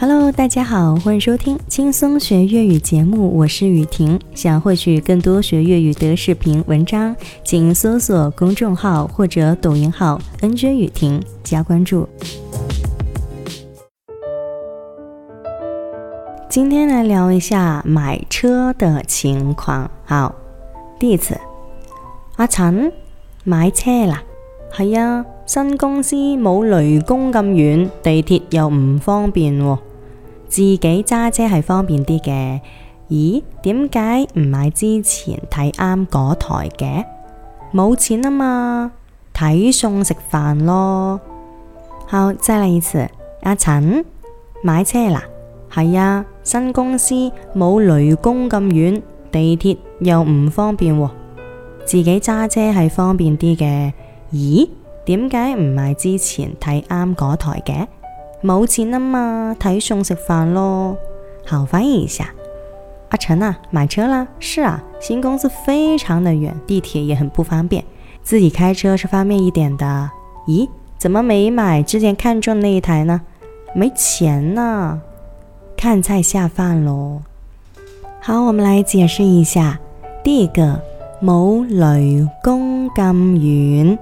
Hello，大家好，歡迎收聽輕鬆學粵語節目，我是宇婷。想獲取更多學粵語的視頻文章，請搜索公眾號或者抖音號 “NJ 宇婷”加關注。今天來聊一下買車的情況。好，第一次，阿陳，買車啦？係啊，新公司冇雷公咁遠，地鐵又唔方便喎，哦。自己揸車係方便啲嘅，咦？點解唔買之前睇啱嗰台嘅？冇錢啊嘛，睇餸食飯咯。好，再來一次。阿陳，買車啦？係啊，新公司冇雷公咁遠，地鐵又唔方便喎，自己揸車係方便啲嘅。咦？點解唔買之前睇啱嗰台嘅？冇錢啊嘛，睇餸食飯咯。好，翻譯一下。阿、啊、陳啊，買車啦？是啊，新公司非常的遠，地鐵也很不方便，自己開車是方便一點的。咦，怎麼沒買之前看中那一台呢？沒錢啊，看菜下飯咯。好，我們來解釋一下。第一個，冇雷公咁遠，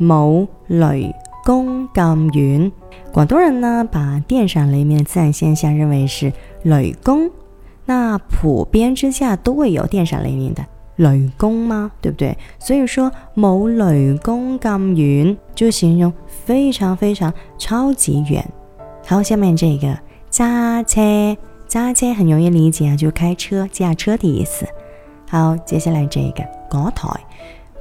冇雷。公咁遠，廣東人呢，把電閃雷鳴的自然現象認為是雷公。那普遍之下都會有電閃雷鳴的雷公嗎？對不對？所以說冇雷公咁遠，就形容非常非常超級遠。好，下面這個揸車，揸車很容易理解啊，就開車駕車的意思。好，接下來這個嗰台。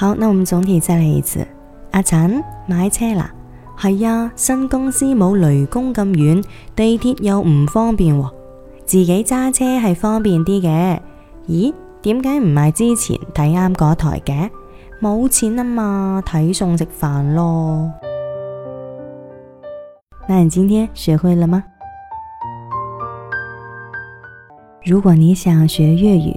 好，那我們總體再來一次。阿陳，買車啦？係呀，新公司冇雷公咁遠，地鐵又唔方便喎，自己揸車係方便啲嘅。咦，點解唔買之前睇啱嗰台嘅？冇錢啊嘛，睇餸食飯咯。那你今天學會了嗎？如果你想學粵語。